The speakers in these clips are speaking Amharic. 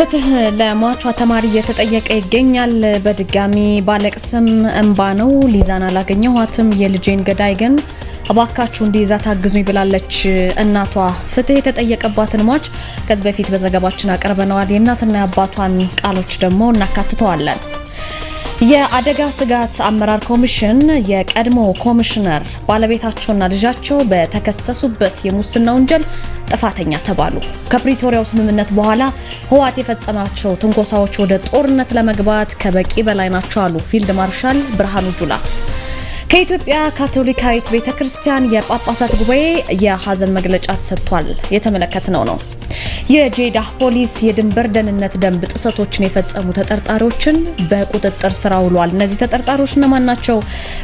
ፍትህ ለሟቿ ተማሪ እየተጠየቀ ይገኛል። በድጋሚ ባለቅስም እንባ ነው። ሊዛን አላገኘኋትም፣ የልጄን ገዳይ ግን እባካችሁ እንዲይዛ ታግዙኝ ብላለች እናቷ። ፍትህ የተጠየቀባትን ሟች ከዚህ በፊት በዘገባችን አቅርበነዋል። የእናትና የአባቷን ቃሎች ደግሞ እናካትተዋለን። የአደጋ ስጋት አመራር ኮሚሽን የቀድሞ ኮሚሽነር ባለቤታቸውና ልጃቸው በተከሰሱበት የሙስና ወንጀል ጥፋተኛ ተባሉ። ከፕሪቶሪያው ስምምነት በኋላ ህወሓት የፈጸማቸው ትንኮሳዎች ወደ ጦርነት ለመግባት ከበቂ በላይ ናቸው አሉ ፊልድ ማርሻል ብርሃኑ ጁላ። ከኢትዮጵያ ካቶሊካዊት ቤተክርስቲያን የጳጳሳት ጉባኤ የሀዘን መግለጫ ተሰጥቷል። የተመለከትነው ነው። የጄዳ ፖሊስ የድንበር ደህንነት ደንብ ጥሰቶችን የፈጸሙ ተጠርጣሪዎችን በቁጥጥር ስር አውሏል። እነዚህ ተጠርጣሪዎች እነማን ናቸው?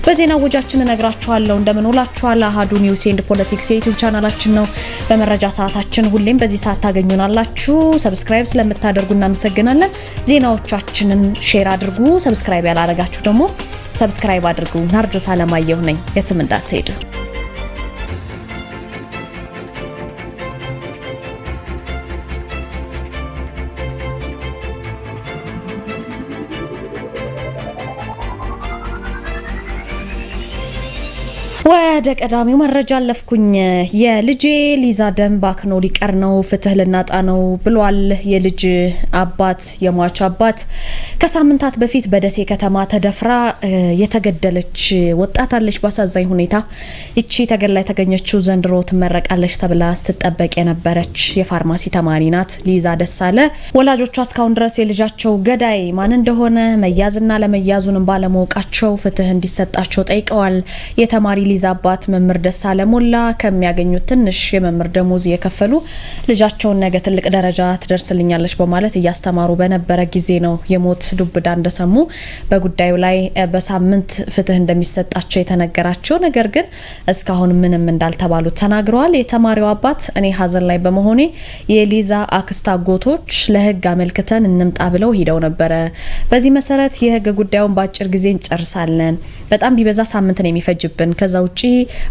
በዜና ወጃችን እነግራችኋለሁ። እንደምን ውላችኋል። አሀዱ ኒውስ ኤንድ ፖለቲክስ የዩቱብ ቻናላችን ነው። በመረጃ ሰዓታችን ሁሌም በዚህ ሰዓት ታገኙናላችሁ። ሰብስክራይብ ስለምታደርጉ እናመሰግናለን። ዜናዎቻችንን ሼር አድርጉ። ሰብስክራይብ ያላረጋችሁ ደግሞ ሰብስክራይብ አድርጉ። ናርዶስ አለማየሁ ነኝ። የትም እንዳትሄዱ። ወደ ቀዳሚው መረጃ አለፍኩኝ። የልጄ ሊዛ ደም ባክኖ ሊቀር ነው፣ ፍትህ ልናጣ ነው ብሏል የልጅ አባት። የሟች አባት ከሳምንታት በፊት በደሴ ከተማ ተደፍራ የተገደለች ወጣት አለች። በአሳዛኝ ሁኔታ ይቺ ተገድላ የተገኘችው ዘንድሮ ትመረቃለች ተብላ ስትጠበቅ የነበረች የፋርማሲ ተማሪ ናት ሊዛ ደሳለ። ወላጆቿ እስካሁን ድረስ የልጃቸው ገዳይ ማን እንደሆነ መያዝና ለመያዙንም ባለማወቃቸው ፍትህ እንዲሰጣቸው ጠይቀዋል። የተማሪ ሊዛ አባት አባት መምህር ደስ አለሞላ ከሚያገኙት ትንሽ የመምህር ደሞዝ እየከፈሉ ልጃቸውን ነገ ትልቅ ደረጃ ትደርስልኛለች በማለት እያስተማሩ በነበረ ጊዜ ነው የሞት ዱብዳ እንደሰሙ በጉዳዩ ላይ በሳምንት ፍትህ እንደሚሰጣቸው የተነገራቸው፣ ነገር ግን እስካሁን ምንም እንዳልተባሉ ተናግረዋል። የተማሪው አባት እኔ ሀዘን ላይ በመሆኔ የሊዛ አክስት አጎቶች ለህግ አመልክተን እንምጣ ብለው ሂደው ነበረ። በዚህ መሰረት የህግ ጉዳዩን በአጭር ጊዜ እንጨርሳለን። በጣም ቢበዛ ሳምንት ነው የሚፈጅብን። ከዛ ውጭ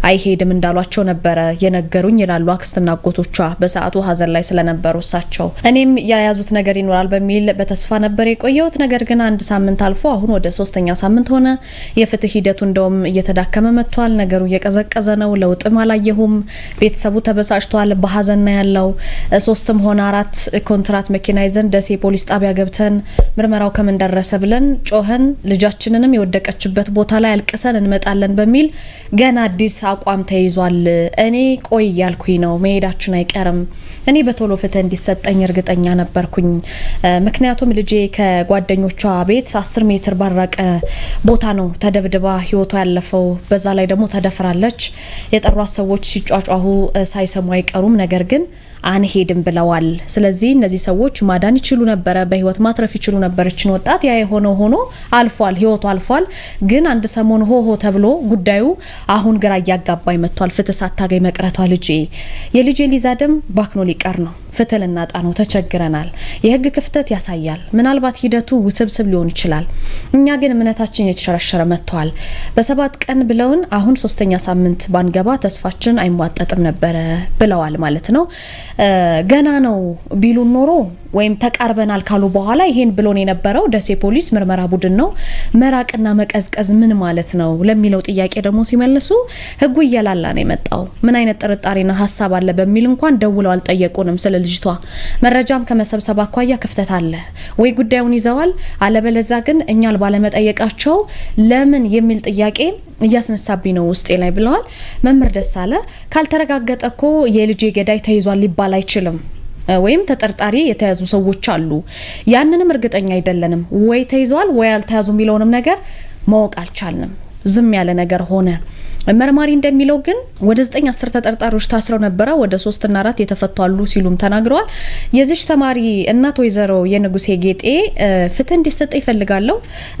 አይሄድም እንዳሏቸው ነበረ የነገሩኝ ይላሉ አክስትና አጎቶቿ። በሰዓቱ ሀዘን ላይ ስለነበሩ እሳቸው እኔም ያያዙት ነገር ይኖራል በሚል በተስፋ ነበር የቆየሁት። ነገር ግን አንድ ሳምንት አልፎ አሁን ወደ ሶስተኛ ሳምንት ሆነ። የፍትህ ሂደቱ እንደውም እየተዳከመ መጥቷል። ነገሩ እየቀዘቀዘ ነው። ለውጥም አላየሁም። ቤተሰቡ ተበሳጭቷል። በሀዘንና ያለው ሶስትም ሆነ አራት ኮንትራት መኪና ይዘን ደሴ ፖሊስ ጣቢያ ገብተን ምርመራው ከምን ደረሰ ብለን ጮኸን ልጃችንንም የወደቀችበት ቦታ ላይ አልቅሰን እንመጣለን በሚል ገና አዲስ አዲስ አቋም ተይዟል። እኔ ቆይ እያልኩኝ ነው፣ መሄዳችን አይቀርም። እኔ በቶሎ ፍትህ እንዲሰጠኝ እርግጠኛ ነበርኩኝ። ምክንያቱም ልጄ ከጓደኞቿ ቤት አስር ሜትር ባራቀ ቦታ ነው ተደብድባ ህይወቷ ያለፈው። በዛ ላይ ደግሞ ተደፍራለች። የጠሯት ሰዎች ሲጫጫሁ ሳይሰሙ አይቀሩም። ነገር ግን አንሄድም ብለዋል። ስለዚህ እነዚህ ሰዎች ማዳን ይችሉ ነበረ፣ በህይወት ማትረፍ ይችሉ ነበረችን ወጣት። ያ የሆነው ሆኖ አልፏል፣ ህይወቱ አልፏል። ግን አንድ ሰሞን ሆሆ ተብሎ ጉዳዩ አሁን ግራ እያጋባኝ መጥቷል። ፍትህ ሳታገኝ መቅረቷ ልጄ የልጄ ሊዛ ደም ባክኖ ሊቀር ነው ፍትህ ልናጣ ተቸግረናል። የህግ ክፍተት ያሳያል። ምናልባት ሂደቱ ውስብስብ ሊሆን ይችላል። እኛ ግን እምነታችን የተሸረሸረ መጥተዋል። በሰባት ቀን ብለውን አሁን ሶስተኛ ሳምንት ባንገባ ተስፋችን አይሟጠጥም ነበረ ብለዋል ማለት ነው። ገና ነው ቢሉን ኖሮ ወይም ተቃርበናል ካሉ በኋላ ይሄን ብሎን የነበረው ደሴ ፖሊስ ምርመራ ቡድን ነው። መራቅና መቀዝቀዝ ምን ማለት ነው ለሚለው ጥያቄ ደግሞ ሲመልሱ ህጉ እየላላ ነው የመጣው ምን አይነት ጥርጣሬና ሀሳብ አለ በሚል እንኳን ደውለው አልጠየቁንም ስል ልጅቷ። መረጃም ከመሰብሰብ አኳያ ክፍተት አለ ወይ ጉዳዩን ይዘዋል፣ አለበለዛ ግን እኛን ባለመጠየቃቸው ለምን የሚል ጥያቄ እያስነሳብኝ ነው ውስጤ ላይ ብለዋል። መምህር አለ ካልተረጋገጠ እኮ የልጄ ገዳይ ተይዟል ሊባል አይችልም ወይም ተጠርጣሪ የተያዙ ሰዎች አሉ። ያንንም እርግጠኛ አይደለንም ወይ ተይዘዋል ወይ አልተያዙ የሚለውንም ነገር ማወቅ አልቻልንም። ዝም ያለ ነገር ሆነ። መርማሪ እንደሚለው ግን ወደ 9 10 ተጠርጣሪዎች ታስረው ነበረ። ወደ 3 እና 4 የተፈቱ አሉ ሲሉም ተናግረዋል። የዚች ተማሪ እናት ወይዘሮ የንጉሴ ጌጤ ፍትህ እንዲሰጥ ይፈልጋለሁ።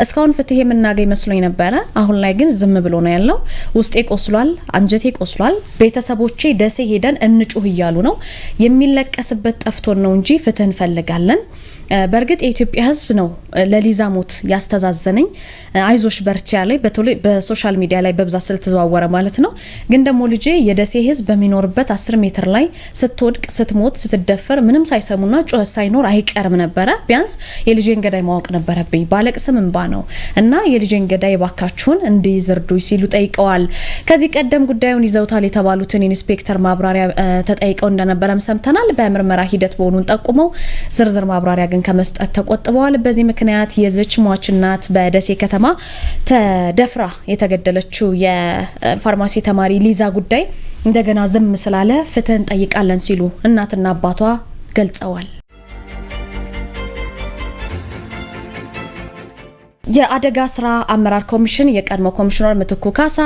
እስካሁን ፍትህ የምናገኝ መስሎኝ ነበረ። አሁን ላይ ግን ዝም ብሎ ነው ያለው። ውስጤ ቆስሏል፣ አንጀቴ ቆስሏል። ቤተሰቦቼ ደሴ ሄደን እንጩህ እያሉ ነው። የሚለቀስበት ጠፍቶን ነው እንጂ ፍትህ እንፈልጋለን። በእርግጥ የኢትዮጵያ ሕዝብ ነው ለሊዛ ሞት ያስተዛዘነኝ። አይዞሽ በርቺ ያለኝ በሶሻል ሚዲያ ላይ በብዛት ስለተዘዋወረ ማለት ነው። ግን ደግሞ ልጄ የደሴ ሕዝብ በሚኖርበት አስር ሜትር ላይ ስትወድቅ፣ ስትሞት፣ ስትደፈር ምንም ሳይሰሙና ጩኸት ሳይኖር አይቀርም ነበረ። ቢያንስ የልጄን ገዳይ ማወቅ ነበረብኝ። ባለቅስም እንባ ነው እና የልጄን ገዳይ ባካችሁን እንዲይዝ ሲሉ ጠይቀዋል። ከዚህ ቀደም ጉዳዩን ይዘውታል የተባሉትን ኢንስፔክተር ማብራሪያ ተጠይቀው እንደነበረም ሰምተናል። በምርመራ ሂደት መሆኑን ጠቁመው ዝርዝር ማብራሪያ ግን ከመስጠት ተቆጥበዋል። በዚህ ምክንያት የዝች ሟች እናት በደሴ ከተማ ተደፍራ የተገደለችው የፋርማሲ ተማሪ ሊዛ ጉዳይ እንደገና ዝም ስላለ ፍትህ እንጠይቃለን ሲሉ እናትና አባቷ ገልጸዋል። የአደጋ ስራ አመራር ኮሚሽን የቀድሞ ኮሚሽነር ምትኩ ካሳ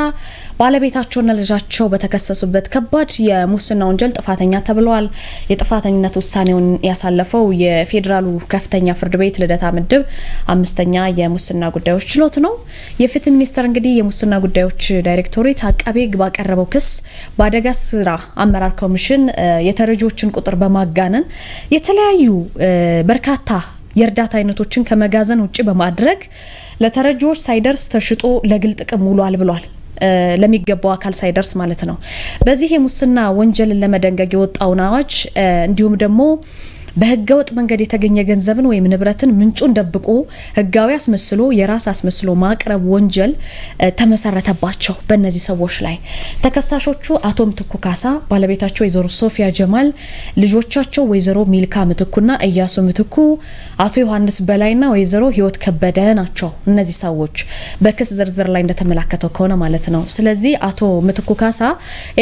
ባለቤታቸውና ልጃቸው በተከሰሱበት ከባድ የሙስና ወንጀል ጥፋተኛ ተብለዋል። የጥፋተኝነት ውሳኔውን ያሳለፈው የፌዴራሉ ከፍተኛ ፍርድ ቤት ልደታ ምድብ አምስተኛ የሙስና ጉዳዮች ችሎት ነው። የፍትህ ሚኒስቴር እንግዲህ የሙስና ጉዳዮች ዳይሬክቶሬት አቃቤ ሕግ ባቀረበው ክስ በአደጋ ስራ አመራር ኮሚሽን የተረጂዎችን ቁጥር በማጋነን የተለያዩ በርካታ የእርዳታ አይነቶችን ከመጋዘን ውጭ በማድረግ ለተረጂዎች ሳይደርስ ተሽጦ ለግል ጥቅም ውሏል ብሏል። ለሚገባው አካል ሳይደርስ ማለት ነው። በዚህ የሙስና ወንጀልን ለመደንገግ የወጣውን አዋጅ እንዲሁም ደግሞ በህገወጥ መንገድ የተገኘ ገንዘብን ወይም ንብረትን ምንጩን ደብቆ ህጋዊ አስመስሎ የራስ አስመስሎ ማቅረብ ወንጀል ተመሰረተባቸው በእነዚህ ሰዎች ላይ። ተከሳሾቹ አቶ ምትኩ ካሳ፣ ባለቤታቸው ወይዘሮ ሶፊያ ጀማል፣ ልጆቻቸው ወይዘሮ ሚልካ ምትኩና እያሱ ምትኩ፣ አቶ ዮሐንስ በላይና ወይዘሮ ህይወት ከበደ ናቸው። እነዚህ ሰዎች በክስ ዝርዝር ላይ እንደተመላከተው ከሆነ ማለት ነው። ስለዚህ አቶ ምትኩ ካሳ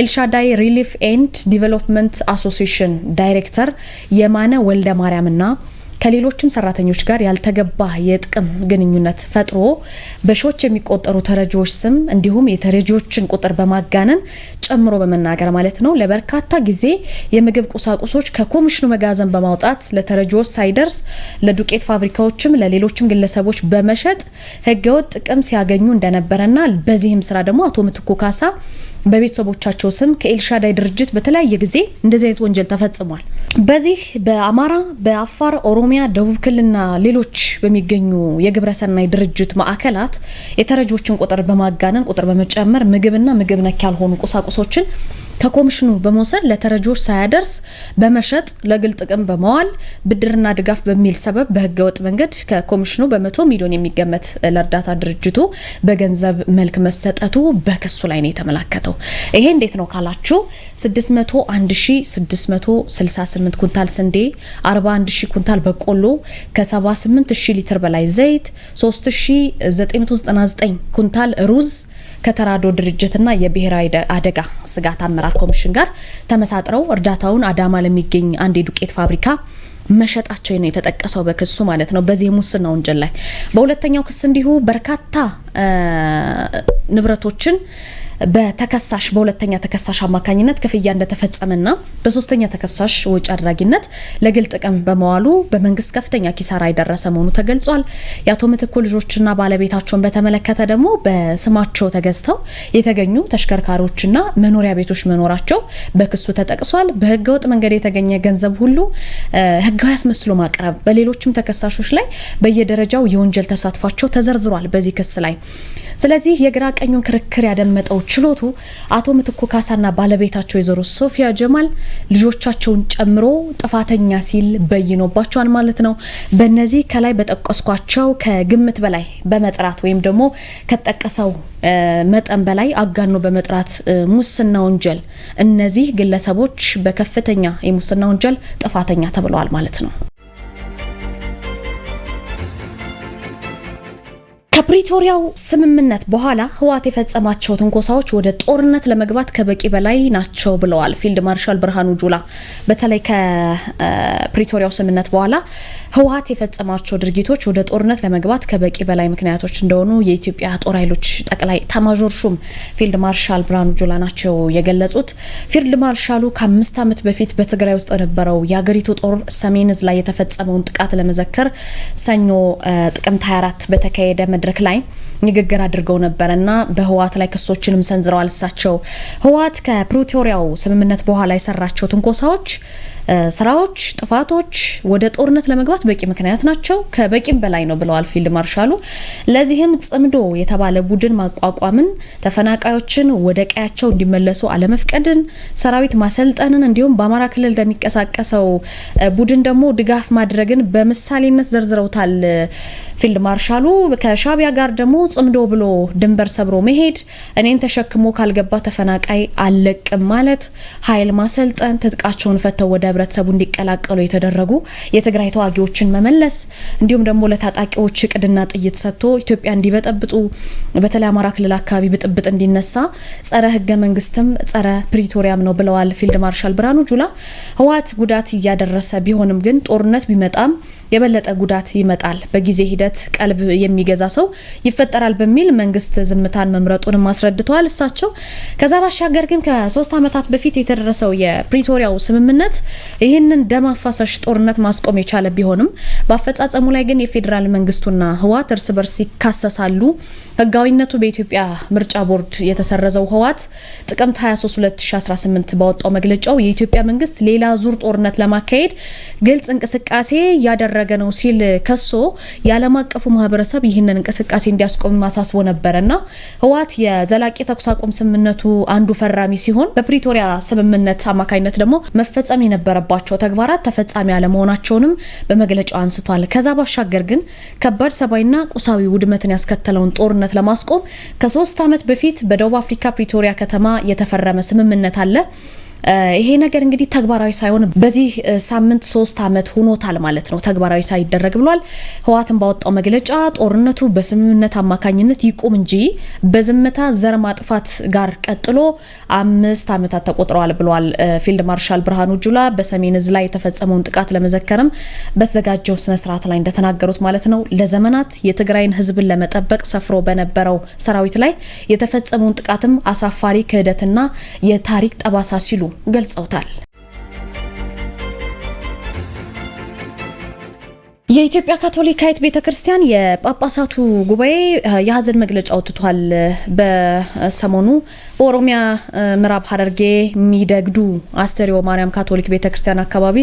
ኤልሻዳይ ሪሊፍ ኤንድ ዲቨሎፕመንት አሶሲሽን ዳይሬክተር የማነ ወልደ ማርያምና ከሌሎችም ሰራተኞች ጋር ያልተገባ የጥቅም ግንኙነት ፈጥሮ በሺዎች የሚቆጠሩ ተረጂዎች ስም እንዲሁም የተረጂዎችን ቁጥር በማጋነን ጨምሮ በመናገር ማለት ነው ለበርካታ ጊዜ የምግብ ቁሳቁሶች ከኮሚሽኑ መጋዘን በማውጣት ለተረጂዎች ሳይደርስ ለዱቄት ፋብሪካዎችም ለሌሎችም ግለሰቦች በመሸጥ ህገወጥ ጥቅም ሲያገኙ እንደነበረና በዚህም ስራ ደግሞ አቶ ምትኩ ካሳ በቤተሰቦቻቸው ስም ከኤልሻዳይ ድርጅት በተለያየ ጊዜ እንደዚህ አይነት ወንጀል ተፈጽሟል። በዚህ በአማራ፣ በአፋር፣ ኦሮሚያ፣ ደቡብ ክልልና ሌሎች በሚገኙ የግብረሰናይ ድርጅት ማዕከላት የተረጂዎችን ቁጥር በማጋነን ቁጥር በመጨመር ምግብና ምግብ ነክ ያልሆኑ ቁሳቁሶችን ከኮሚሽኑ በመውሰድ ለተረጂዎች ሳያደርስ በመሸጥ ለግል ጥቅም በመዋል ብድርና ድጋፍ በሚል ሰበብ በህገወጥ መንገድ ከኮሚሽኑ በመቶ ሚሊዮን የሚገመት ለእርዳታ ድርጅቱ በገንዘብ መልክ መሰጠቱ በክሱ ላይ ነው የተመላከተው። ይሄ እንዴት ነው ካላችሁ 601668 ኩንታል ስንዴ፣ 41000 ኩንታል በቆሎ፣ ከ78000 ሊትር በላይ ዘይት፣ 3999 ኩንታል ሩዝ ከተራዶ ድርጅትና የብሔራዊ አደጋ ስጋት አመራር ኮሚሽን ጋር ተመሳጥረው እርዳታውን አዳማ ለሚገኝ አንድ የዱቄት ፋብሪካ መሸጣቸው ነው የተጠቀሰው በክሱ ማለት ነው። በዚህ የሙስና ወንጀል ላይ በሁለተኛው ክስ እንዲሁ በርካታ ንብረቶችን በተከሳሽ በሁለተኛ ተከሳሽ አማካኝነት ክፍያ እንደተፈጸመና በሶስተኛ ተከሳሽ ወጪ አድራጊነት ለግል ጥቅም በመዋሉ በመንግስት ከፍተኛ ኪሳራ የደረሰ መሆኑ ተገልጿል። የአቶ ምትኩ ልጆችና ባለቤታቸውን በተመለከተ ደግሞ በስማቸው ተገዝተው የተገኙ ተሽከርካሪዎችና መኖሪያ ቤቶች መኖራቸው በክሱ ተጠቅሷል። በህገወጥ መንገድ የተገኘ ገንዘብ ሁሉ ህጋዊ አስመስሎ ማቅረብ፣ በሌሎችም ተከሳሾች ላይ በየደረጃው የወንጀል ተሳትፏቸው ተዘርዝሯል በዚህ ክስ ላይ። ስለዚህ የግራ ቀኙን ክርክር ያደመጠው ችሎቱ አቶ ምትኩ ካሳና ባለቤታቸው ወይዘሮ ሶፊያ ጀማል ልጆቻቸውን ጨምሮ ጥፋተኛ ሲል በይኖባቸዋል ማለት ነው። በእነዚህ ከላይ በጠቀስኳቸው ከግምት በላይ በመጥራት ወይም ደግሞ ከጠቀሰው መጠን በላይ አጋኖ በመጥራት ሙስና ወንጀል እነዚህ ግለሰቦች በከፍተኛ የሙስና ወንጀል ጥፋተኛ ተብለዋል ማለት ነው። ከፕሪቶሪያው ስምምነት በኋላ ህወሓት የፈጸማቸው ትንኮሳዎች ወደ ጦርነት ለመግባት ከበቂ በላይ ናቸው ብለዋል ፊልድ ማርሻል ብርሃኑ ጁላ። በተለይ ከፕሪቶሪያው ስምምነት በኋላ ህወሓት የፈጸማቸው ድርጊቶች ወደ ጦርነት ለመግባት ከበቂ በላይ ምክንያቶች እንደሆኑ የኢትዮጵያ ጦር ኃይሎች ጠቅላይ ኤታማዦር ሹም ፊልድ ማርሻል ብርሃኑ ጁላ ናቸው የገለጹት። ፊልድ ማርሻሉ ከአምስት ዓመት በፊት በትግራይ ውስጥ የነበረው የአገሪቱ ጦር ሰሜን እዝ ላይ የተፈጸመውን ጥቃት ለመዘከር ሰኞ ጥቅምት 24 በተካሄደ መድረክ መድረክ ላይ ንግግር አድርገው ነበረ እና በህወሓት ላይ ክሶችንም ሰንዝረዋል። እሳቸው ህወሓት ከፕሪቶሪያው ስምምነት በኋላ የሰራቸው ትንኮሳዎች፣ ስራዎች፣ ጥፋቶች ወደ ጦርነት ለመግባት በቂ ምክንያት ናቸው፣ ከበቂም በላይ ነው ብለዋል ፊልድ ማርሻሉ። ለዚህም ጽምዶ የተባለ ቡድን ማቋቋምን፣ ተፈናቃዮችን ወደ ቀያቸው እንዲመለሱ አለመፍቀድን፣ ሰራዊት ማሰልጠንን እንዲሁም በአማራ ክልል እንደሚቀሳቀሰው ቡድን ደግሞ ድጋፍ ማድረግን በምሳሌነት ዘርዝረውታል። ፊልድ ማርሻሉ ከሻቢያ ጋር ደግሞ ጽምዶ ብሎ ድንበር ሰብሮ መሄድ፣ እኔን ተሸክሞ ካልገባ ተፈናቃይ አልለቅም ማለት፣ ኃይል ማሰልጠን፣ ትጥቃቸውን ፈተው ወደ ህብረተሰቡ እንዲቀላቀሉ የተደረጉ የትግራይ ተዋጊዎችን መመለስ፣ እንዲሁም ደግሞ ለታጣቂዎች እቅድና ጥይት ሰጥቶ ኢትዮጵያ እንዲበጠብጡ በተለይ አማራ ክልል አካባቢ ብጥብጥ እንዲነሳ ጸረ ህገ መንግስትም ጸረ ፕሪቶሪያም ነው ብለዋል ፊልድ ማርሻል ብርሃኑ ጁላ። ህወሓት ጉዳት እያደረሰ ቢሆንም ግን ጦርነት ቢመጣም የበለጠ ጉዳት ይመጣል፣ በጊዜ ሂደት ቀልብ የሚገዛ ሰው ይፈጠራል በሚል መንግስት ዝምታን መምረጡንም አስረድተዋል። እሳቸው ከዛ ባሻገር ግን ከሶስት ዓመታት በፊት የተደረሰው የፕሪቶሪያው ስምምነት ይህንን ደም አፋሳሽ ጦርነት ማስቆም የቻለ ቢሆንም በአፈጻጸሙ ላይ ግን የፌዴራል መንግስቱና ህወሓት እርስ በርስ ይካሰሳሉ። ህጋዊነቱ በኢትዮጵያ ምርጫ ቦርድ የተሰረዘው ህወሓት ጥቅምት 23 2018 ባወጣው መግለጫው የኢትዮጵያ መንግስት ሌላ ዙር ጦርነት ለማካሄድ ግልጽ እንቅስቃሴ ያደረ እያደረገ ነው ሲል ከሶ የዓለም አቀፉ ማህበረሰብ ይህንን እንቅስቃሴ እንዲያስቆም ማሳስቦ ነበረ እና ህወሓት የዘላቂ ተኩስ አቁም ስምምነቱ አንዱ ፈራሚ ሲሆን በፕሪቶሪያ ስምምነት አማካኝነት ደግሞ መፈጸም የነበረባቸው ተግባራት ተፈጻሚ አለመሆናቸውንም በመግለጫው አንስቷል። ከዛ ባሻገር ግን ከባድ ሰብአዊና ቁሳዊ ውድመትን ያስከተለውን ጦርነት ለማስቆም ከሶስት ዓመት በፊት በደቡብ አፍሪካ ፕሪቶሪያ ከተማ የተፈረመ ስምምነት አለ። ይሄ ነገር እንግዲህ ተግባራዊ ሳይሆን በዚህ ሳምንት ሶስት ዓመት ሆኖታል ማለት ነው፣ ተግባራዊ ሳይደረግ ብሏል። ህወሓትን ባወጣው መግለጫ ጦርነቱ በስምምነት አማካኝነት ይቁም እንጂ በዝምታ ዘር ማጥፋት ጋር ቀጥሎ አምስት ዓመታት ተቆጥረዋል ብሏል። ፊልድ ማርሻል ብርሃኑ ጁላ በሰሜን እዝ ላይ የተፈጸመውን ጥቃት ለመዘከርም በተዘጋጀው ስነስርዓት ላይ እንደተናገሩት ማለት ነው ለዘመናት የትግራይን ህዝብን ለመጠበቅ ሰፍሮ በነበረው ሰራዊት ላይ የተፈጸመውን ጥቃትም አሳፋሪ ክህደትና የታሪክ ጠባሳ ሲሉ ገልጸውታል። የኢትዮጵያ ካቶሊካዊት ቤተ ክርስቲያን የጳጳሳቱ ጉባኤ የሀዘን መግለጫ አውጥቷል። በሰሞኑ በኦሮሚያ ምዕራብ ሀረርጌ የሚደግዱ አስተርዮ ማርያም ካቶሊክ ቤተ ክርስቲያን አካባቢ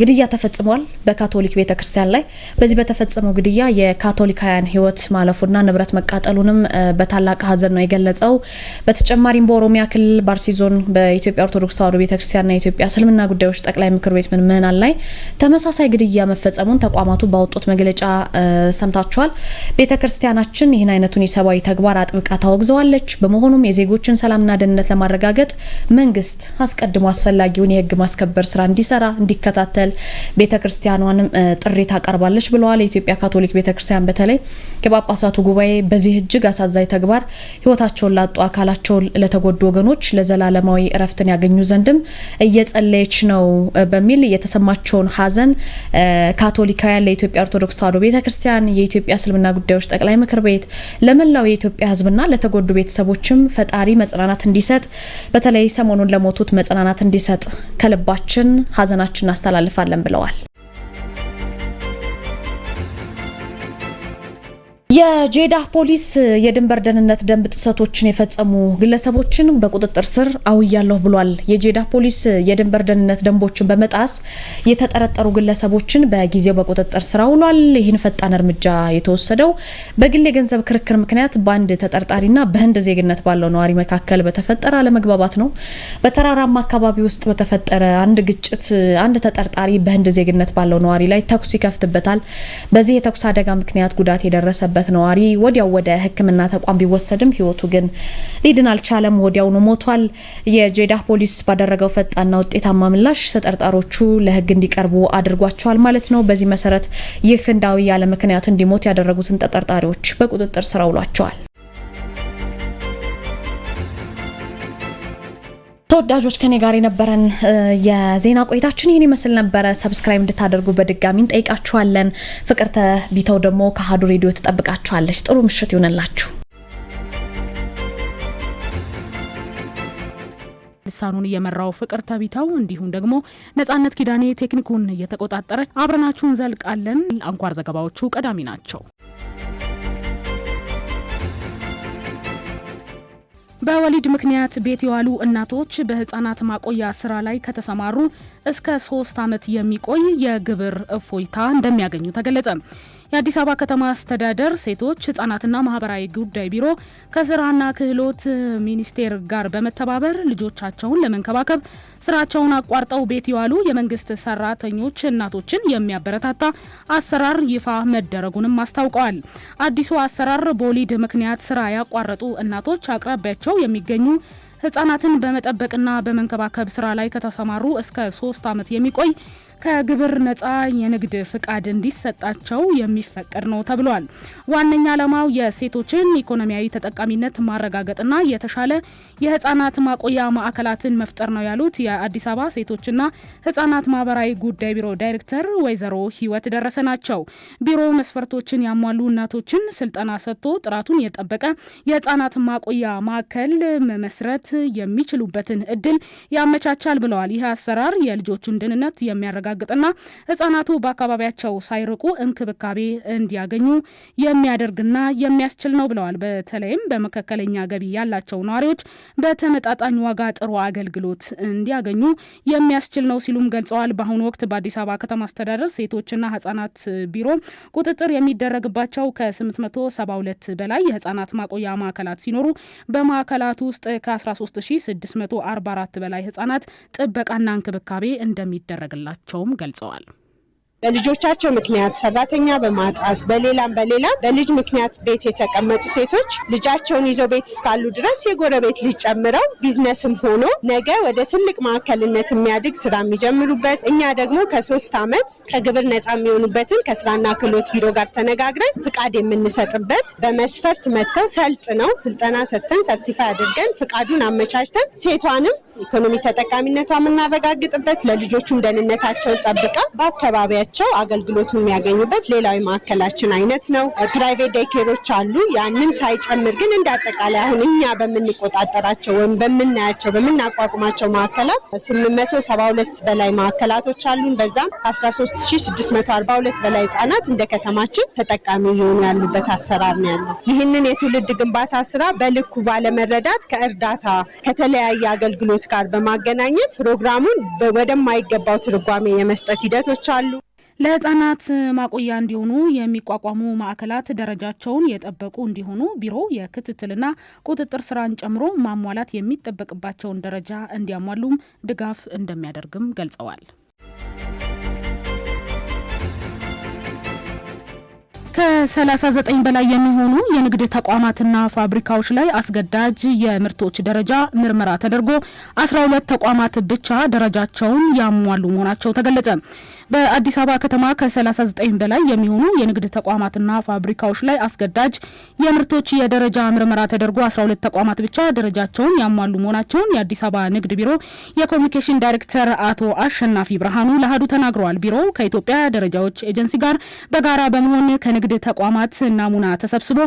ግድያ ተፈጽሟል በካቶሊክ ቤተ ክርስቲያን ላይ። በዚህ በተፈጸመው ግድያ የካቶሊካውያን ህይወት ማለፉና ንብረት መቃጠሉንም በታላቅ ሀዘን ነው የገለጸው። በተጨማሪም በኦሮሚያ ክልል በአርሲ ዞን በኢትዮጵያ ኦርቶዶክስ ተዋሕዶ ቤተ ክርስቲያንና የኢትዮጵያ እስልምና ጉዳዮች ጠቅላይ ምክር ቤት ምዕመናን ላይ ተመሳሳይ ግድያ መፈጸሙን ተቋማቱ ባወጡት መግለጫ ሰምታችኋል። ቤተ ክርስቲያናችን ይህን አይነቱን የሰብአዊ ተግባር አጥብቃ ታወግዘዋለች። በመሆኑም የዜጎችን ሰላምና ደህንነት ለማረጋገጥ መንግስት አስቀድሞ አስፈላጊውን የህግ ማስከበር ስራ እንዲሰራ እንዲከታ እንዲከታተል ቤተ ክርስቲያኗንም ጥሪ ታቀርባለች ብለዋል። የኢትዮጵያ ካቶሊክ ቤተ ክርስቲያን በተለይ የጳጳሳቱ ጉባኤ በዚህ እጅግ አሳዛኝ ተግባር ህይወታቸውን ላጡ አካላቸውን ለተጎዱ ወገኖች ለዘላለማዊ እረፍትን ያገኙ ዘንድም እየጸለየች ነው በሚል የተሰማቸውን ሀዘን ካቶሊካውያን ለኢትዮጵያ ኦርቶዶክስ ተዋሕዶ ቤተ ክርስቲያን፣ የኢትዮጵያ እስልምና ጉዳዮች ጠቅላይ ምክር ቤት ለመላው የኢትዮጵያ ህዝብና ለተጎዱ ቤተሰቦችም ፈጣሪ መጽናናት እንዲሰጥ በተለይ ሰሞኑን ለሞቱት መጽናናት እንዲሰጥ ከልባችን ሀዘናችን ። እናስተላልፋለን ብለዋል። የጄዳ ፖሊስ የድንበር ደህንነት ደንብ ጥሰቶችን የፈጸሙ ግለሰቦችን በቁጥጥር ስር አውያለሁ ብሏል። የጄዳ ፖሊስ የድንበር ደህንነት ደንቦችን በመጣስ የተጠረጠሩ ግለሰቦችን በጊዜው በቁጥጥር ስር አውሏል። ይህን ፈጣን እርምጃ የተወሰደው በግል የገንዘብ ክርክር ምክንያት በአንድ ተጠርጣሪና በህንድ ዜግነት ባለው ነዋሪ መካከል በተፈጠረ አለመግባባት ነው። በተራራማ አካባቢ ውስጥ በተፈጠረ አንድ ግጭት አንድ ተጠርጣሪ በህንድ ዜግነት ባለው ነዋሪ ላይ ተኩስ ይከፍትበታል። በዚህ የተኩስ አደጋ ምክንያት ጉዳት የደረሰበት የደረሰበት ነዋሪ ወዲያው ወደ ሕክምና ተቋም ቢወሰድም ህይወቱ ግን ሊድን አልቻለም። ወዲያውኑ ሞቷል። የጄዳ ፖሊስ ባደረገው ፈጣንና ውጤታማ ምላሽ ተጠርጣሮቹ ለህግ እንዲቀርቡ አድርጓቸዋል ማለት ነው። በዚህ መሰረት ይህ ህንዳዊ ያለ ምክንያት እንዲሞት ያደረጉትን ተጠርጣሪዎች በቁጥጥር ስር አውሏቸዋል። ተወዳጆች ከኔ ጋር የነበረን የዜና ቆይታችን ይህን ይመስል ነበረ። ሰብስክራይብ እንድታደርጉ በድጋሚ እንጠይቃችኋለን። ፍቅርተ ቢተው ደግሞ ከአሀዱ ሬዲዮ ትጠብቃችኋለች። ጥሩ ምሽት ይሆንላችሁ። ልሳኑን እየመራው ፍቅር ተቢተው እንዲሁም ደግሞ ነጻነት ኪዳኔ ቴክኒኩን እየተቆጣጠረች አብረናችሁን ዘልቃለን። አንኳር ዘገባዎቹ ቀዳሚ ናቸው። በወሊድ ምክንያት ቤት የዋሉ እናቶች በህፃናት ማቆያ ስራ ላይ ከተሰማሩ እስከ ሶስት ዓመት የሚቆይ የግብር እፎይታ እንደሚያገኙ ተገለጸ። የአዲስ አበባ ከተማ አስተዳደር ሴቶች ህጻናትና ማህበራዊ ጉዳይ ቢሮ ከስራና ክህሎት ሚኒስቴር ጋር በመተባበር ልጆቻቸውን ለመንከባከብ ስራቸውን አቋርጠው ቤት የዋሉ የመንግስት ሰራተኞች እናቶችን የሚያበረታታ አሰራር ይፋ መደረጉንም አስታውቀዋል። አዲሱ አሰራር በወሊድ ምክንያት ስራ ያቋረጡ እናቶች አቅራቢያቸው የሚገኙ ህጻናትን በመጠበቅና በመንከባከብ ስራ ላይ ከተሰማሩ እስከ ሶስት ዓመት የሚቆይ ከግብር ነጻ የንግድ ፍቃድ እንዲሰጣቸው የሚፈቀድ ነው ተብሏል። ዋነኛ ዓላማው የሴቶችን ኢኮኖሚያዊ ተጠቃሚነት ማረጋገጥና የተሻለ የህጻናት ማቆያ ማዕከላትን መፍጠር ነው ያሉት የአዲስ አበባ ሴቶችና ህጻናት ማህበራዊ ጉዳይ ቢሮ ዳይሬክተር ወይዘሮ ህይወት ደረሰ ናቸው። ቢሮ መስፈርቶችን ያሟሉ እናቶችን ስልጠና ሰጥቶ ጥራቱን የጠበቀ የህጻናት ማቆያ ማዕከል መመስረት የሚችሉበትን እድል ያመቻቻል ብለዋል። ይህ አሰራር የልጆቹን ደህንነት የሚያረጋ የሚያረጋግጥና ህጻናቱ በአካባቢያቸው ሳይርቁ እንክብካቤ እንዲያገኙ የሚያደርግና የሚያስችል ነው ብለዋል። በተለይም በመካከለኛ ገቢ ያላቸው ነዋሪዎች በተመጣጣኝ ዋጋ ጥሩ አገልግሎት እንዲያገኙ የሚያስችል ነው ሲሉም ገልጸዋል። በአሁኑ ወቅት በአዲስ አበባ ከተማ አስተዳደር ሴቶችና ህጻናት ቢሮ ቁጥጥር የሚደረግባቸው ከ872 በላይ የህጻናት ማቆያ ማዕከላት ሲኖሩ በማዕከላት ውስጥ ከ13644 በላይ ህጻናት ጥበቃና እንክብካቤ እንደሚደረግላቸው መሆናቸውም ገልጸዋል። በልጆቻቸው ምክንያት ሰራተኛ በማጣት በሌላም በሌላም በልጅ ምክንያት ቤት የተቀመጡ ሴቶች ልጃቸውን ይዘው ቤት እስካሉ ድረስ የጎረቤት ልጅ ጨምረው ቢዝነስም ሆኖ ነገ ወደ ትልቅ ማዕከልነት የሚያድግ ስራ የሚጀምሩበት እኛ ደግሞ ከሶስት ዓመት ከግብር ነጻ የሚሆኑበትን ከስራና ክህሎት ቢሮ ጋር ተነጋግረን ፍቃድ የምንሰጥበት በመስፈርት መጥተው ሰልጥ ነው ስልጠና ሰጥተን ሰርቲፋይ አድርገን ፍቃዱን አመቻችተን ሴቷንም ኢኮኖሚ ተጠቃሚነቷ የምናረጋግጥበት ለልጆቹም ደህንነታቸውን ጠብቀ በአካባቢያቸው አገልግሎቱ የሚያገኙበት ሌላዊ ማዕከላችን አይነት ነው። ፕራይቬት ዴይኬሮች አሉ። ያንን ሳይጨምር ግን እንደ አጠቃላይ አሁን እኛ በምንቆጣጠራቸው ወይም በምናያቸው በምናቋቁማቸው ማዕከላት ሁለት በላይ ማዕከላቶች አሉን። በዛም ከ13642 በላይ ህጻናት እንደ ከተማችን ተጠቃሚ እየሆኑ ያሉበት አሰራር ነው ያለው። ይህንን የትውልድ ግንባታ ስራ በልኩ ባለመረዳት ከእርዳታ ከተለያየ አገልግሎት ጋር በማገናኘት ፕሮግራሙን ወደማይገባው ትርጓሜ የመስጠት ሂደቶች አሉ። ለህጻናት ማቆያ እንዲሆኑ የሚቋቋሙ ማዕከላት ደረጃቸውን የጠበቁ እንዲሆኑ ቢሮ የክትትልና ቁጥጥር ስራን ጨምሮ ማሟላት የሚጠበቅባቸውን ደረጃ እንዲያሟሉም ድጋፍ እንደሚያደርግም ገልጸዋል። ከ39 በላይ የሚሆኑ የንግድ ተቋማትና ፋብሪካዎች ላይ አስገዳጅ የምርቶች ደረጃ ምርመራ ተደርጎ 12 ተቋማት ብቻ ደረጃቸውን ያሟሉ መሆናቸው ተገለጸ። በአዲስ አበባ ከተማ ከ39 በላይ የሚሆኑ የንግድ ተቋማትና ፋብሪካዎች ላይ አስገዳጅ የምርቶች የደረጃ ምርመራ ተደርጎ 12 ተቋማት ብቻ ደረጃቸውን ያሟሉ መሆናቸውን የአዲስ አበባ ንግድ ቢሮ የኮሚኒኬሽን ዳይሬክተር አቶ አሸናፊ ብርሃኑ ለሀዱ ተናግረዋል። ቢሮው ከኢትዮጵያ ደረጃዎች ኤጀንሲ ጋር በጋራ በመሆን ከንግድ ተቋማት ናሙና ተሰብስቦ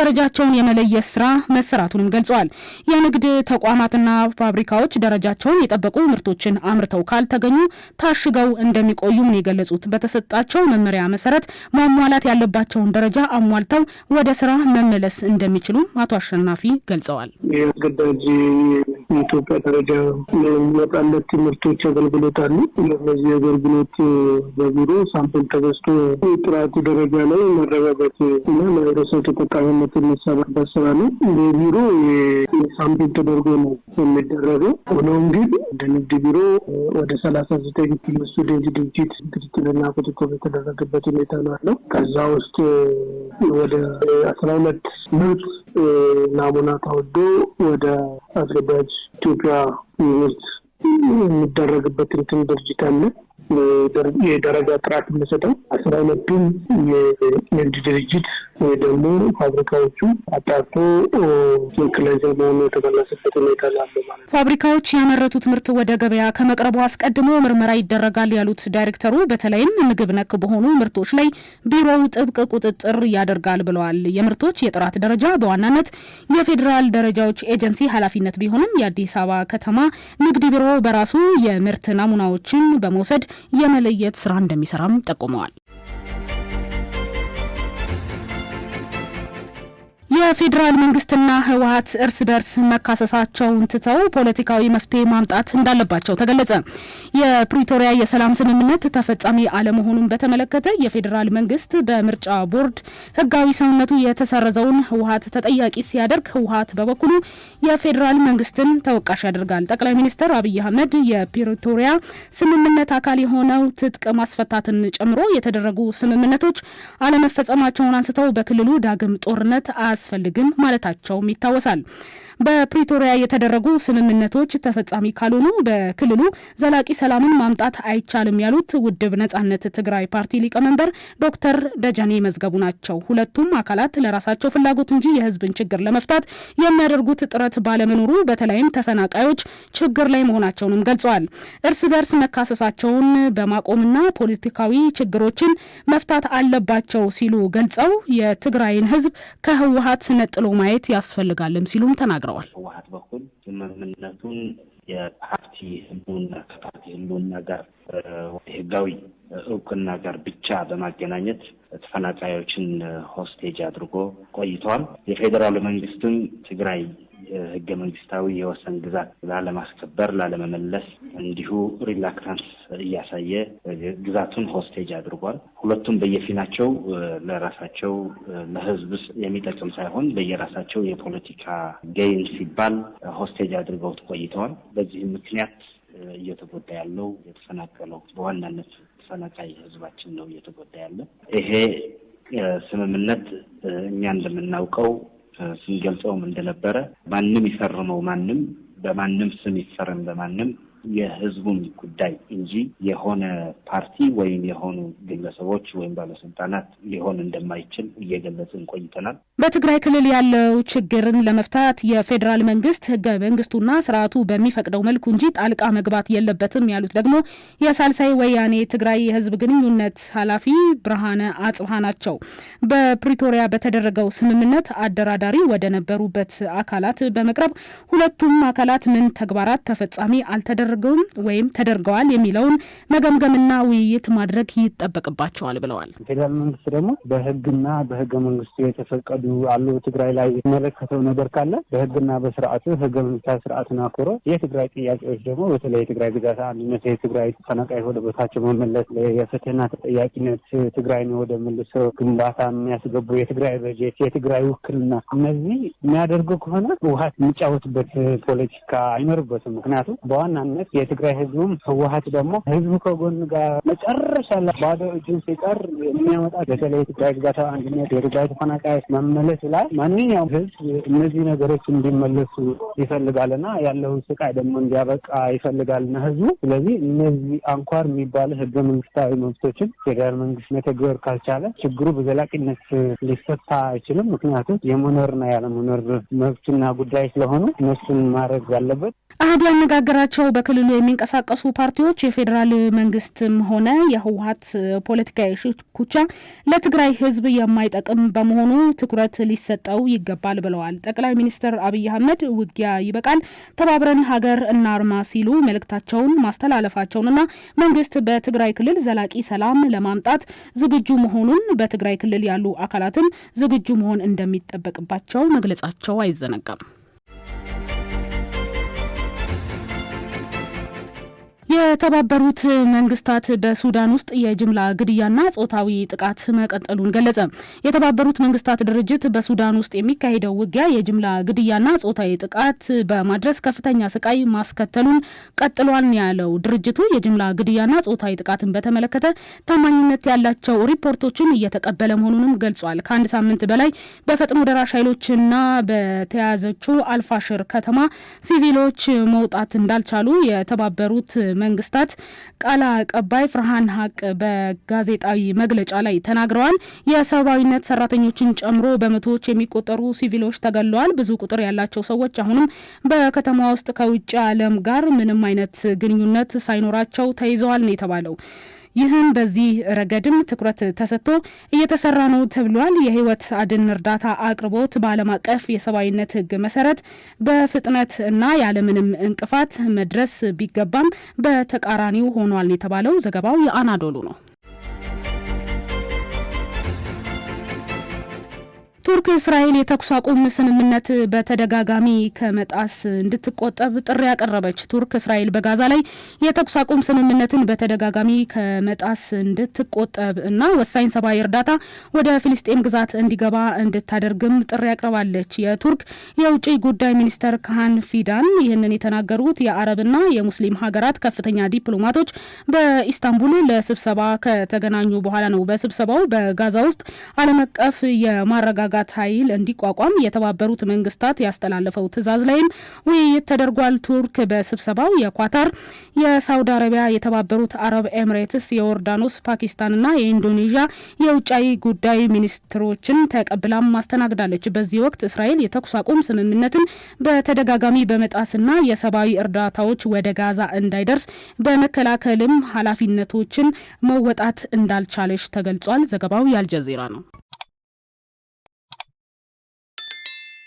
ደረጃቸውን የመለየት ስራ መሰራቱንም ገልጸዋል። የንግድ ተቋማትና ፋብሪካዎች ደረጃቸውን የጠበቁ ምርቶችን አምርተው ካልተገኙ ታሽገው እንደሚቆዩም መሆናቸውን የገለጹት በተሰጣቸው መመሪያ መሰረት ማሟላት ያለባቸውን ደረጃ አሟልተው ወደ ስራ መመለስ እንደሚችሉ አቶ አሸናፊ ገልጸዋል። የአስገዳጅ የኢትዮጵያ ደረጃ የሚወጣለት ትምህርቶች አገልግሎት አሉ። እነዚህ አገልግሎት በቢሮ ሳምፕል ተገዝቶ ጥራቱ ደረጃ ላይ መረጋገጥ እና ማህበረሰብ ተጠቃሚነት የሚሰራበት ስራ ነው። በቢሮ ሳምፕል ተደርጎ ነው የሚደረገው። ሆኖም ግን እንደ ንግድ ቢሮ ወደ ሰላሳ ዘጠኝ ትምህርት ስቱደንት ድርጅት ክትትልና ቁጥጥር የተደረገበት ሁኔታ ነው ያለው። ከዛ ውስጥ ወደ አስራ ሁለት ምርት ናሙና ተወዶ ወደ አስገዳጅ ኢትዮጵያ ውስጥ የሚደረግበት እንትን ድርጅት አለ። የደረጃ ጥራት የምንሰጠው አስራ ሁለቱም የንግድ ድርጅት ወይ ደግሞ ፋብሪካዎቹ አጣርቶ ትክክለኛ መሆኑ የተመለሰበት ሁኔታ ላለ ማለት ፋብሪካዎች ያመረቱት ምርት ወደ ገበያ ከመቅረቡ አስቀድሞ ምርመራ ይደረጋል ያሉት ዳይሬክተሩ፣ በተለይም ምግብ ነክ በሆኑ ምርቶች ላይ ቢሮው ጥብቅ ቁጥጥር ያደርጋል ብለዋል። የምርቶች የጥራት ደረጃ በዋናነት የፌዴራል ደረጃዎች ኤጀንሲ ኃላፊነት ቢሆንም የአዲስ አበባ ከተማ ንግድ ቢሮ በራሱ የምርት ናሙናዎችን በመውሰድ የመለየት ስራ እንደሚሰራም ጠቁመዋል። የፌዴራል መንግስትና ህወሀት እርስ በርስ መካሰሳቸውን ትተው ፖለቲካዊ መፍትሄ ማምጣት እንዳለባቸው ተገለጸ። የፕሪቶሪያ የሰላም ስምምነት ተፈጻሚ አለመሆኑን በተመለከተ የፌዴራል መንግስት በምርጫ ቦርድ ህጋዊ ሰውነቱ የተሰረዘውን ህወሀት ተጠያቂ ሲያደርግ፣ ህወሀት በበኩሉ የፌዴራል መንግስትን ተወቃሽ ያደርጋል። ጠቅላይ ሚኒስትር አብይ አህመድ የፕሪቶሪያ ስምምነት አካል የሆነው ትጥቅ ማስፈታትን ጨምሮ የተደረጉ ስምምነቶች አለመፈጸማቸውን አንስተው በክልሉ ዳግም ጦርነት አያስፈልግም ማለታቸውም ይታወሳል። በፕሪቶሪያ የተደረጉ ስምምነቶች ተፈጻሚ ካልሆኑ በክልሉ ዘላቂ ሰላምን ማምጣት አይቻልም ያሉት ውድብ ነጻነት ትግራይ ፓርቲ ሊቀመንበር ዶክተር ደጀኔ መዝገቡ ናቸው። ሁለቱም አካላት ለራሳቸው ፍላጎት እንጂ የህዝብን ችግር ለመፍታት የሚያደርጉት ጥረት ባለመኖሩ በተለይም ተፈናቃዮች ችግር ላይ መሆናቸውንም ገልጸዋል። እርስ በርስ መካሰሳቸውን በማቆምና ፖለቲካዊ ችግሮችን መፍታት አለባቸው ሲሉ ገልጸው የትግራይን ህዝብ ከህወሀት ነጥሎ ማየት ያስፈልጋልም ሲሉም ተናግረዋል። ተናግረዋል። ህወሀት በኩል ስምምነቱን የፓርቲ ህልውና ከፓርቲ ህልውና ጋር ህጋዊ እውቅና ጋር ብቻ በማገናኘት ተፈናቃዮችን ሆስቴጅ አድርጎ ቆይተዋል። የፌዴራሉ መንግስትም ትግራይ ህገ መንግስታዊ የወሰን ግዛት ላለማስከበር፣ ላለመመለስ እንዲሁ ሪላክታንስ እያሳየ ግዛቱን ሆስቴጅ አድርጓል። ሁለቱም በየፊናቸው ለራሳቸው ለህዝብ የሚጠቅም ሳይሆን በየራሳቸው የፖለቲካ ገይን ሲባል ሆስቴጅ አድርገው ቆይተዋል። በዚህም ምክንያት እየተጎዳ ያለው የተፈናቀለው በዋናነት ተፈናቃይ ህዝባችን ነው እየተጎዳ ያለ ይሄ ስምምነት እኛ እንደምናውቀው ስንገልጸውም እንደነበረ ማንም ይፈርመው ማንም በማንም ስም ይፈረም በማንም የህዝቡን ጉዳይ እንጂ የሆነ ፓርቲ ወይም የሆኑ ግለሰቦች ወይም ባለስልጣናት ሊሆን እንደማይችል እየገለጽን ቆይተናል። በትግራይ ክልል ያለው ችግርን ለመፍታት የፌዴራል መንግስት ህገ መንግስቱና ስርዓቱ በሚፈቅደው መልኩ እንጂ ጣልቃ መግባት የለበትም ያሉት ደግሞ የሳልሳይ ወያኔ ትግራይ የህዝብ ግንኙነት ኃላፊ ብርሃነ አጽብሃ ናቸው። በፕሪቶሪያ በተደረገው ስምምነት አደራዳሪ ወደ ነበሩበት አካላት በመቅረብ ሁለቱም አካላት ምን ተግባራት ተፈጻሚ አልተደረ አልተደረገውም ወይም ተደርገዋል የሚለውን መገምገምና ውይይት ማድረግ ይጠበቅባቸዋል ብለዋል። ፌዴራል መንግስት ደግሞ በህግና በህገ መንግስቱ የተፈቀዱ አሉ። ትግራይ ላይ የሚመለከተው ነገር ካለ በህግና በስርአቱ ህገ መንግስታዊ ስርአትን አክብሮ የትግራይ ጥያቄዎች ደግሞ በተለይ የትግራይ ግዛት አንድነት፣ የትግራይ ተፈናቃይ ወደ ቦታቸው መመለስ፣ የፍትህና ተጠያቂነት ትግራይን ወደ መልሶ ግንባታ የሚያስገቡ የትግራይ በጀት፣ የትግራይ ውክልና እነዚህ የሚያደርጉ ከሆነ ህወሓት የሚጫወትበት ፖለቲካ አይኖርበትም። ምክንያቱም በዋናነት ማለት የትግራይ ህዝቡም ህወሀት ደግሞ ህዝቡ ከጎን ጋር መጨረሻ ላይ ባዶ እጁን ሲቀር የሚያመጣ በተለይ የትግራይ ግዛታ አንድነት፣ የትግራይ ተፈናቃዮች መመለስ ላይ ማንኛውም ህዝብ እነዚህ ነገሮች እንዲመለሱ ይፈልጋልና ያለውን ስቃይ ደግሞ እንዲያበቃ ይፈልጋልና ህዝቡ። ስለዚህ እነዚህ አንኳር የሚባሉ ህገ መንግስታዊ መብቶችን ፌዴራል መንግስት መተግበር ካልቻለ ችግሩ በዘላቂነት ሊፈታ አይችልም። ምክንያቱም የመኖርና ያለመኖር መብትና ጉዳይ ስለሆኑ እነሱን ማድረግ ያለበት አህዱ ያነጋገራቸው በከ በክልሉ የሚንቀሳቀሱ ፓርቲዎች የፌዴራል መንግስትም ሆነ የህወሀት ፖለቲካዊ ሽኩቻ ለትግራይ ህዝብ የማይጠቅም በመሆኑ ትኩረት ሊሰጠው ይገባል ብለዋል። ጠቅላይ ሚኒስትር አብይ አህመድ ውጊያ ይበቃል፣ ተባብረን ሀገር እናርማ ሲሉ መልእክታቸውን ማስተላለፋቸውንና መንግስት በትግራይ ክልል ዘላቂ ሰላም ለማምጣት ዝግጁ መሆኑን በትግራይ ክልል ያሉ አካላትም ዝግጁ መሆን እንደሚጠበቅባቸው መግለጻቸው አይዘነጋም። የተባበሩት መንግስታት በሱዳን ውስጥ የጅምላ ግድያና ጾታዊ ጥቃት መቀጠሉን ገለጸ። የተባበሩት መንግስታት ድርጅት በሱዳን ውስጥ የሚካሄደው ውጊያ የጅምላ ግድያና ጾታዊ ጥቃት በማድረስ ከፍተኛ ስቃይ ማስከተሉን ቀጥሏል ያለው ድርጅቱ የጅምላ ግድያና ጾታዊ ጥቃትን በተመለከተ ታማኝነት ያላቸው ሪፖርቶችን እየተቀበለ መሆኑንም ገልጿል። ከአንድ ሳምንት በላይ በፈጥኖ ደራሽ ኃይሎችና በተያዘችው አልፋሽር ከተማ ሲቪሎች መውጣት እንዳልቻሉ የተባበሩት መንግስት መንግስታት ቃል አቀባይ ፍርሃን ሀቅ በጋዜጣዊ መግለጫ ላይ ተናግረዋል። የሰብአዊነት ሰራተኞችን ጨምሮ በመቶዎች የሚቆጠሩ ሲቪሎች ተገለዋል። ብዙ ቁጥር ያላቸው ሰዎች አሁንም በከተማ ውስጥ ከውጭ ዓለም ጋር ምንም አይነት ግንኙነት ሳይኖራቸው ተይዘዋል ነው የተባለው። ይህም በዚህ ረገድም ትኩረት ተሰጥቶ እየተሰራ ነው ተብሏል። የህይወት አድን እርዳታ አቅርቦት በዓለም አቀፍ የሰብአዊነት ህግ መሰረት በፍጥነት እና ያለምንም እንቅፋት መድረስ ቢገባም በተቃራኒው ሆኗል የተባለው ዘገባው የአናዶሉ ነው። ቱርክ እስራኤል የተኩስ አቁም ስምምነት በተደጋጋሚ ከመጣስ እንድትቆጠብ ጥሪ ያቀረበች። ቱርክ እስራኤል በጋዛ ላይ የተኩስ አቁም ስምምነትን በተደጋጋሚ ከመጣስ እንድትቆጠብ እና ወሳኝ ሰብአዊ እርዳታ ወደ ፊልስጤም ግዛት እንዲገባ እንድታደርግም ጥሪ አቅርባለች። የቱርክ የውጭ ጉዳይ ሚኒስተር ካህን ፊዳን ይህንን የተናገሩት የአረብና የሙስሊም ሀገራት ከፍተኛ ዲፕሎማቶች በኢስታንቡል ለስብሰባ ከተገናኙ በኋላ ነው። በስብሰባው በጋዛ ውስጥ ዓለም አቀፍ የማረጋ የመዋጋት ኃይል እንዲቋቋም የተባበሩት መንግስታት ያስተላለፈው ትዕዛዝ ላይም ውይይት ተደርጓል። ቱርክ በስብሰባው የኳታር፣ የሳውዲ አረቢያ፣ የተባበሩት አረብ ኤምሬትስ፣ የዮርዳኖስ፣ ፓኪስታንና የኢንዶኔዥያ የውጫዊ ጉዳይ ሚኒስትሮችን ተቀብላም ማስተናግዳለች። በዚህ ወቅት እስራኤል የተኩስ አቁም ስምምነትን በተደጋጋሚ በመጣስና የሰብአዊ እርዳታዎች ወደ ጋዛ እንዳይደርስ በመከላከልም ኃላፊነቶችን መወጣት እንዳልቻለች ተገልጿል። ዘገባው የአልጀዚራ ነው።